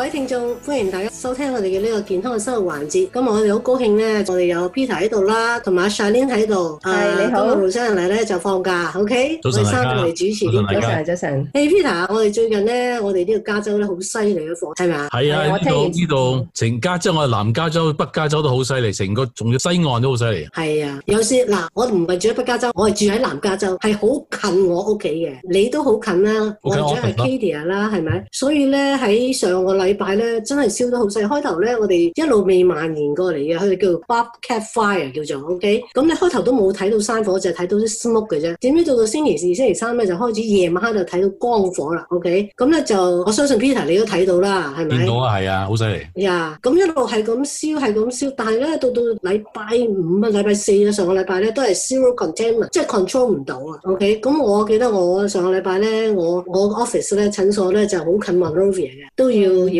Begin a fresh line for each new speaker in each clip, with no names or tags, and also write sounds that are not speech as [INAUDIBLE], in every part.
各位聽眾，歡迎大家收聽我哋嘅呢個健康嘅生活環節。咁我哋好高興咧，我哋有 Peter 喺度啦，同埋、啊、Shirley 喺度。係你好。嗰個醫生嚟咧就放假，OK 早。早晨。我哋三個人主持，呢個成日早晨。Peter，我哋最近咧，我哋呢個加州咧好犀利嘅火，係咪啊？係啊。我聽完知
道，成加州我哋南加州、北加州都好犀利，成個仲要西岸都好犀利。
係啊，有時嗱，我唔係住喺北加州，我係住喺南加州，係好近我屋企嘅。你都好近啦、啊，okay, 我長係 Katie 啦，係咪？所以咧喺上個禮禮拜咧真係燒得好細，開頭咧我哋一路未蔓延過嚟嘅，佢哋叫做 Bobcat fire 叫做，OK，咁你開頭都冇睇到山火，淨係睇到啲 smoke 嘅啫。點知到到星期二、星期三咧，就開始夜晚黑就睇到光火啦，OK，咁咧就我相信 Peter 你都睇到啦，係
咪？見到啊，係啊，好犀利。
呀，咁一路係咁燒，係咁燒，但係咧到到禮拜五啊，禮拜四啊，上個禮拜咧都係 zero containment 即係 control 唔到啊。OK，咁我記得我上個禮拜咧，我我 office 咧診所咧就好近 Monrovia 嘅，都要。嗯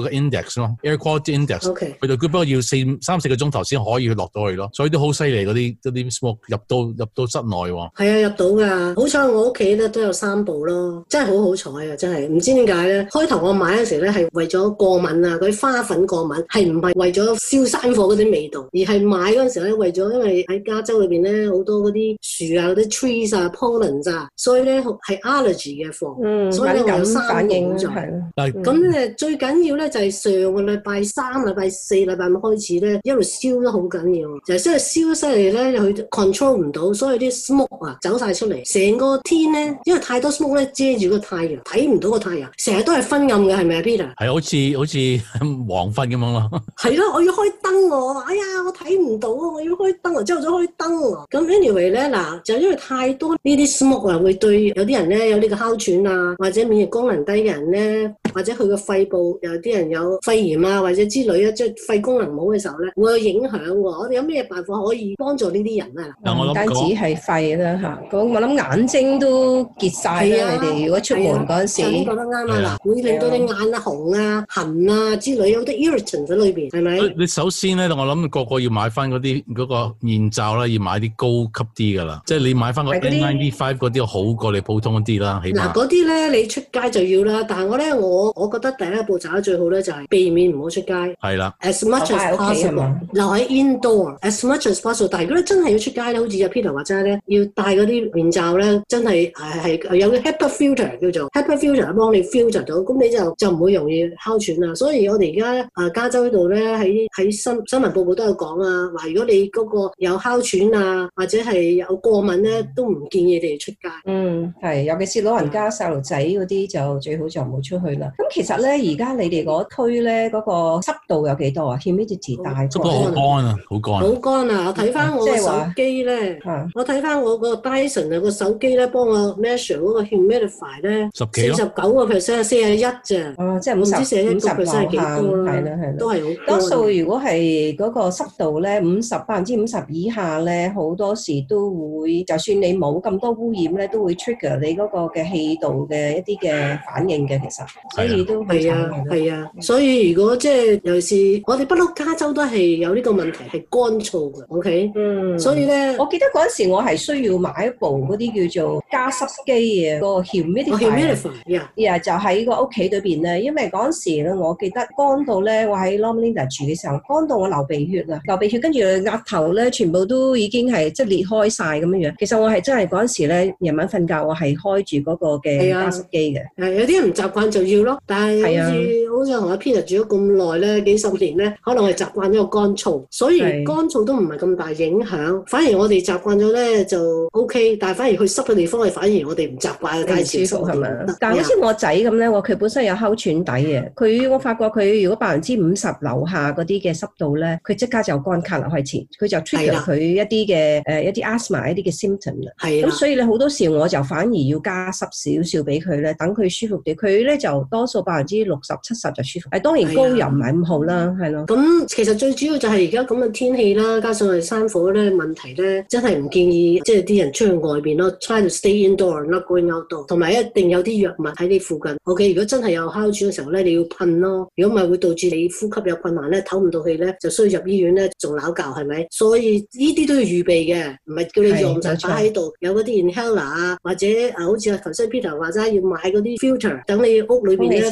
個 index 咯，air quality index，佢就估不過要四三四個鐘頭先可以落到去咯，所以都好犀利嗰啲啲 smoke 入到入到室內喎。
係啊，入到㗎，好彩我屋企咧都有三部咯，真係好好彩啊！真係唔知點解咧，開頭我買嗰時咧係為咗過敏啊，嗰啲花粉過敏係唔係為咗燒山火嗰啲味道，而係買嗰時咧為咗，因為喺加州裏邊咧好多嗰啲樹啊、嗰啲 trees 啊、pollen 咋，所以咧係 allergy 嘅貨，所以我有三個咁。咁誒最緊要咧。就係上個禮拜三、禮拜四、禮拜五開始咧，一路燒得好緊要，就係因為燒犀利咧，佢去 control 唔到，所以啲 smoke 啊走晒出嚟，成個天咧因為太多 smoke 咧遮住個太陽，睇唔到個太陽，成日都係昏暗嘅，係咪啊 Peter？
係好似好似黃昏咁樣咯。
係 [LAUGHS] 咯、啊，我要開燈喎、啊，哎呀，我睇唔到啊，我要開燈啊，朝早開燈啊。咁 anyway 咧嗱，就係因為太多呢啲 smoke 啊，會對有啲人咧有呢個哮喘啊，或者免疫功能低嘅人咧，或者佢個肺部有啲。人有肺炎啊，或者之類啊，即係肺功能唔好嘅時候咧，會有影響喎。我哋有咩辦法可以幫助呢啲人啊？我唔單止係肺啦嚇，講我諗眼睛都結
晒啊！你哋如果出門嗰陣時，覺得啱啊會令
到你眼啊紅啊痕啊之類有啲 irritant 喺裏面係咪？
你首先咧，我諗個個要買翻嗰啲嗰個面罩啦，要買啲高級啲㗎啦，即係你買翻個 N95 嗰啲好過你普通啲啦，起碼嗱嗰
啲咧，你出街就要啦。但係我咧，我我覺得第一步攢最就係避免唔好出街，係啦的。As much as possible，留喺 indoor。Door, as much as possible，但係如果你真係要出街咧，好似阿 Peter 話齋咧，要戴嗰啲面罩咧，真係係係有個 HEPA filter 叫做 HEPA filter 幫你 filter 到，咁你就就唔會容易哮喘啦。所以我哋而家啊加州呢度咧喺喺新新聞報告都有講啊，話如果你嗰個有哮喘啊或者係有過敏咧、啊啊，都唔建議你哋出街。嗯，係，尤
其是老人家、細路仔嗰啲就最好就唔好出去啦。咁其實咧，而家你哋。 [LAUGHS] 嗰推咧嗰個濕度有幾多啊？Humidity 大，濕度乾
啊，好乾，好
乾啊！我睇翻我手
機咧，我睇翻我嗰個 Dyson 啊，個手機咧幫我 measure 嗰個 humidity 咧，十幾，四十九個 percent，四十一啫。哦，即係五十以下，係啦係啦，都係好。多數
如果係嗰個濕度咧，五十百分之五十以下咧，好多時都會，就算你冇咁多污染咧，都會 trigger 你嗰個嘅氣道嘅一啲嘅反應嘅，其實。所以都係啊係啊。所
以如果即係尤其是我哋不嬲加州都係有呢個問題係乾燥嘅，OK？
嗯，所以咧，我記得嗰陣時我係需要買一部嗰啲叫做加濕機嘅，那個、erm oh, humidifier，yeah. yeah, 就喺個屋企裏邊咧，因為嗰陣時咧我記得乾到咧，我喺 Loma Linda 住嘅時候乾到我流鼻血啦，流鼻血跟住額頭咧全部都已經係即係裂開晒咁樣，其實我係真係嗰陣時咧夜晚瞓覺我係開住
嗰個嘅加濕機嘅，啊，有啲人唔習慣就要咯，但係好似同阿 Peter 住咗咁耐咧，幾十年咧，可能係習慣咗個乾燥，所以乾燥都唔係咁大影響。反而我哋習慣咗咧就 OK，但係反而佢濕嘅地方係反而我哋唔習慣，太唔舒服係咪？但係好似我
仔咁咧，佢 Yeah. 本身有哮喘底嘅，佢我發覺佢如果百分之五十樓下嗰啲嘅濕度咧，佢即刻就乾咳落去前，佢就 trigger 佢一啲嘅誒一啲 asthma 一啲嘅 symptom 啦。係咁 Yeah. 所以咧好多時我就反而要加濕少少俾佢咧，等佢舒服啲。佢咧就多數百分之六十七十。就舒服、哎。當然高
油唔係咁好啦，係咯、啊。咁、啊、其實最主要就係而家咁嘅天氣啦，加上係山火咧問題咧，真係唔建議即係啲人出去外面咯。Mm hmm. Try to stay indoors，not go out door。同埋一定有啲藥物喺你附近。OK，如果真係有哮喘嘅時候咧，你要噴咯。如果唔係會導致你呼吸有困難咧，唞唔到氣咧，就需要入醫院咧，仲攋教係咪？所以呢啲都要預備嘅，唔係叫你用就擺喺度。有嗰啲 inhaler 啊，Peter，或者啊好似頭先 Peter 話齋要買嗰啲 filter，等你屋裏邊咧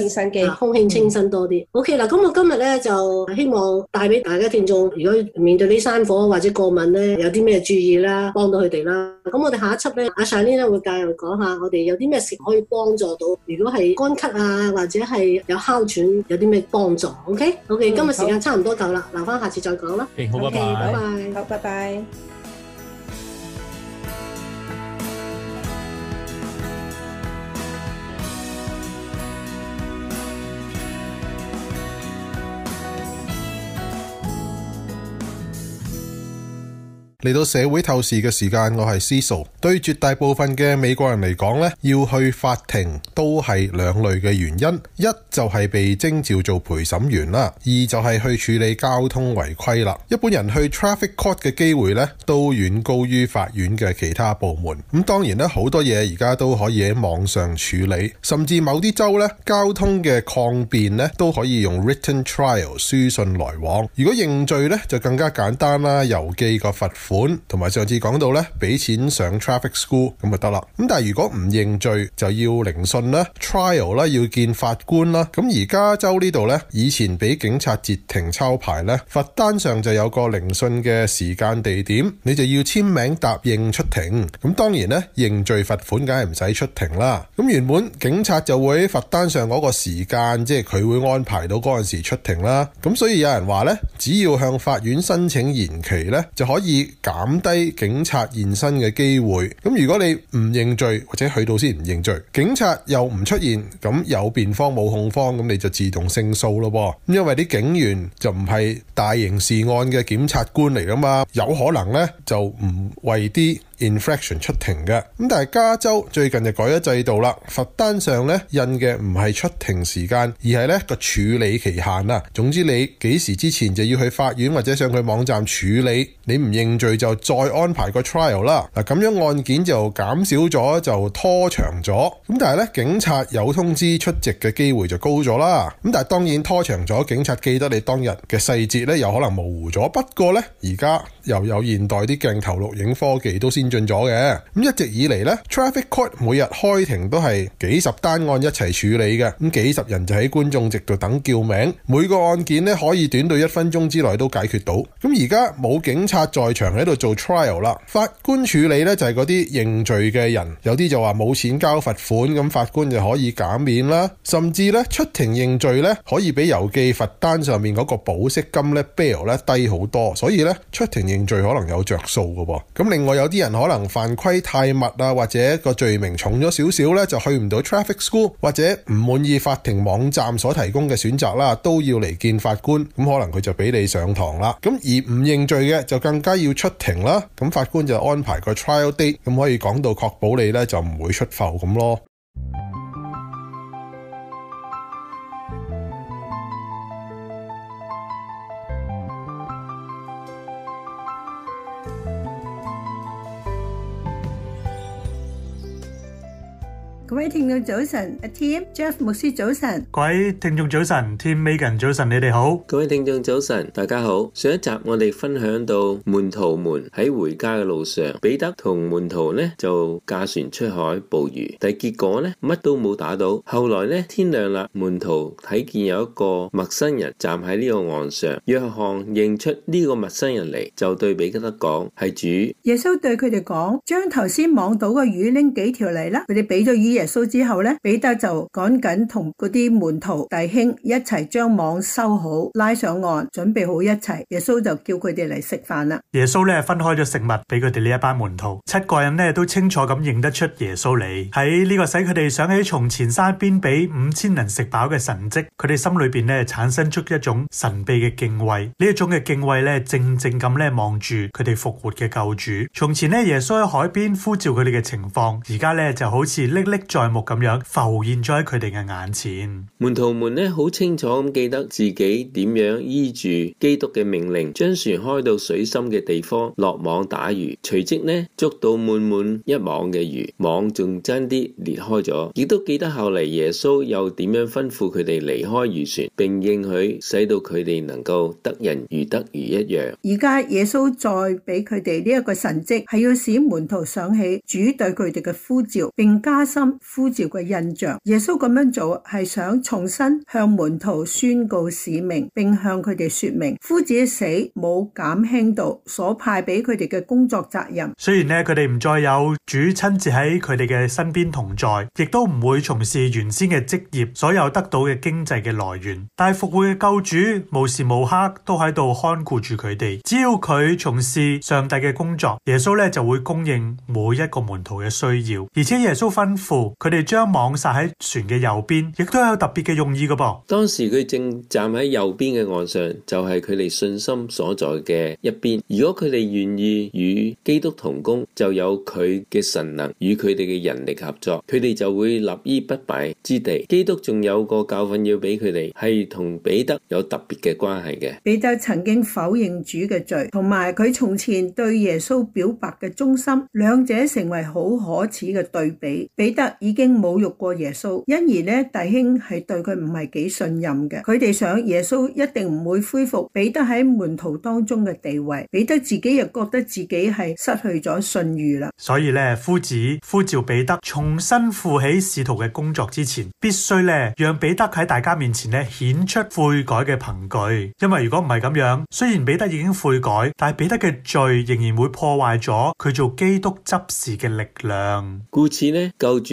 空氣清新。啊空新多啲，OK 嗱，咁我今日咧就希望帶俾大家聽眾，如果面對呢山火或者過敏咧，有啲咩注意啦，幫到佢哋啦。咁我哋下一輯咧，阿 Shirley 咧會繼續講下，我哋有啲咩事可以幫助到，如果係乾咳啊或者係有哮喘，有啲咩幫助？OK，OK，okay? okay，嗯，今日時間差唔多夠啦，留翻好，下次再講啦。OK，拜拜，拜拜。Bye bye
嚟到社會透視嘅時間，我係 Cecil。對絕大部分嘅美國人嚟講呢要去法庭都係兩類嘅原因。一就係、是、被徵召做陪審員啦，二就係、是、去處理交通違規啦。一般人去 traffic court 嘅機會呢都遠高於法院嘅其他部門。咁當然呢，好多嘢而家都可以喺網上處理，甚至某啲州呢交通嘅抗辯呢都可以用 written trial 書信來往。如果認罪呢就更加簡單啦，郵寄個罰款。同埋上次講到咧，俾錢上 traffic school 咁就得啦。咁但係如果唔認罪，就要聆訊啦、trial 啦，要見法官啦。咁而加州呢度呢，以前俾警察截停抄牌呢，罰單上就有個聆訊嘅時間地點，你就要簽名答應出庭。咁當然呢，認罪罰款梗係唔使出庭啦。咁原本警察就會喺罰單上嗰個時間，即係佢會安排到嗰陣時出庭啦。咁所以有人話呢，只要向法院申請延期呢，就可以，減低警察現身嘅機會，咁如果你唔認罪或者去到先唔認罪，警察又唔出現，咁有辯方冇控方，咁你就自動勝訴咯喎，因為啲警員就唔係大刑事案嘅檢察官嚟噶嘛，有可能呢就唔為啲 infraction 出庭嘅，咁但係加州最近就改咗制度啦，罰單上咧印嘅唔係出庭時間，而係咧個處理期限啦。總之你幾時之前就要去法院或者上佢網站處理，你唔認罪就再安排個 trial 啦。嗱咁樣案件就減少咗，就拖長咗。咁但係咧，警察有通知出席嘅機會就高咗啦。咁但係當然拖長咗，警察記得你當日嘅細節咧，有可能模糊咗。不過咧，而家。又有現代啲鏡頭錄影科技都先進咗嘅，咁一直以嚟咧，traffic court 每日開庭都係幾十單案一齊處理嘅，咁幾十人就喺觀眾席度等叫名，每個案件咧可以短到一分鐘之內都解決到。咁而家冇警察在場喺度做 trial 啦，法官處理咧就係嗰啲認罪嘅人，有啲就話冇錢交罰款，咁法官就可以減免啦，甚至咧出庭認罪咧可以比郵寄罰單上面嗰個保釋金咧 bail 咧低好多，所以咧出庭。認罪可能有着數噶、噃，咁另外有啲人可能犯規太密啊，或者個罪名重咗少少咧，就去唔到 traffic school，或者唔滿意法庭網站所提供嘅選擇啦，都要嚟見法官，咁可能佢就俾你上堂啦。咁而唔認罪嘅就更加要出庭啦，咁法官就安排個 trial date，咁可以講到確保你咧就唔會出埠咁咯。
各位聽眾早晨，阿 Tim、Jeff 牧師早晨，
各位聽眾早晨，Tim、Megan 早晨，
你哋好，各位聽眾早晨，大家好。上一集我哋分享到門徒們喺回家嘅路上，彼得同門徒呢就駕船出海捕魚，但係結果呢乜都冇打到。後來呢天亮啦，門徒睇見有一個陌生人站喺呢個岸上，約翰認出呢個陌生人嚟，就對彼得講係主。
耶穌對佢哋講：將頭先網到嘅魚拎幾條嚟啦。佢哋俾咗魚耶穌。蘇之後呢，彼得就趕緊同嗰啲門徒弟兄一齊將網收好，拉上岸，準備好一切。耶穌就叫佢哋嚟食飯啦。
耶穌咧分開咗食物俾佢哋呢一班門徒，七個人呢，都清楚咁認得出耶穌嚟。喺呢個使佢哋想起從前山邊俾五千人食飽嘅神迹，佢哋心裏邊呢，產生出一種神秘嘅敬畏。呢一種嘅敬畏呢，靜靜咁咧望住佢哋復活嘅救主。從前呢，耶穌喺海邊呼召佢哋嘅情況，而家咧就好似粒粒在目咁樣浮現咗喺佢哋嘅眼前，
門徒們呢，好清楚咁記得自己點樣依住基督嘅命令，將船開到水深嘅地方落網打魚，隨即呢捉到滿滿一網嘅魚，網仲爭啲裂開咗，亦都記得後嚟耶穌又點樣吩咐佢哋離開漁船，並應許使到佢哋能夠得人如得魚一樣。
而家耶穌再俾佢哋呢一個神蹟，係要使門徒想起主對佢哋嘅呼召，並加深。呼召嘅印象，耶穌咁樣做係想重新向門徒宣告使命，並向佢哋說明，夫子死冇減輕到所派俾佢哋嘅工作責任。
雖然咧佢哋唔再有主親自喺佢哋嘅身邊同在，亦都唔會從事原先嘅職業，所有得到嘅經濟嘅來源，但係復活嘅救主無時無刻都喺度看顧住佢哋。只要佢從事上帝嘅工作，耶穌咧就會供應每一個門徒嘅需要，而且耶穌吩咐。佢哋將網撒喺船嘅右邊，亦都有特別嘅用意㗎噃。
當時佢正站喺右邊嘅岸上，就係佢哋信心所在嘅一邊。如果佢哋願意與基督同工，就有佢嘅神能與佢哋嘅人力合作，佢哋就會立於不敗之地。基督仲有一個教訓要俾佢哋，係同彼得有特別嘅關係嘅。
彼得曾經否認主嘅罪，同埋佢從前對耶穌表白嘅忠心，兩者成為好可恥嘅對比。彼得已經侮辱過耶穌，因而咧弟兄係對佢唔係幾信任嘅。佢哋想耶穌一定唔會恢復彼得喺門徒當中嘅地位，彼得自己又覺得自己係失去咗信譽啦。
所以咧，夫子呼召彼得重新負起使徒嘅工作之前，必須咧讓彼得喺大家面前咧顯出悔改嘅憑據。因為如果唔係咁樣，雖然彼得已經悔改，但係彼得嘅罪仍然會破壞咗佢做基督執事嘅力量。
故此咧，救主。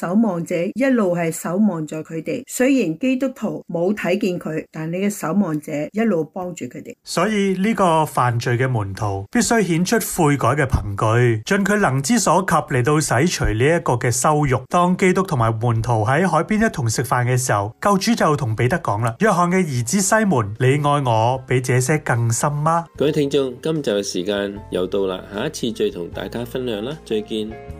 守望者一路係守望住佢哋，雖然基督徒冇睇見佢，但你嘅守望者一路幫住佢哋。
所以呢個犯罪嘅門徒必須顯出悔改嘅憑據，盡佢能之所及嚟到洗除呢一個嘅羞辱。當基督同埋門徒喺海邊一同食飯嘅時候，救主就同彼得講啦：約翰嘅兒子西門，你愛我比這些更深嗎？
各位聽眾，今集嘅時間又到啦，下一次再同大家分享啦，再見。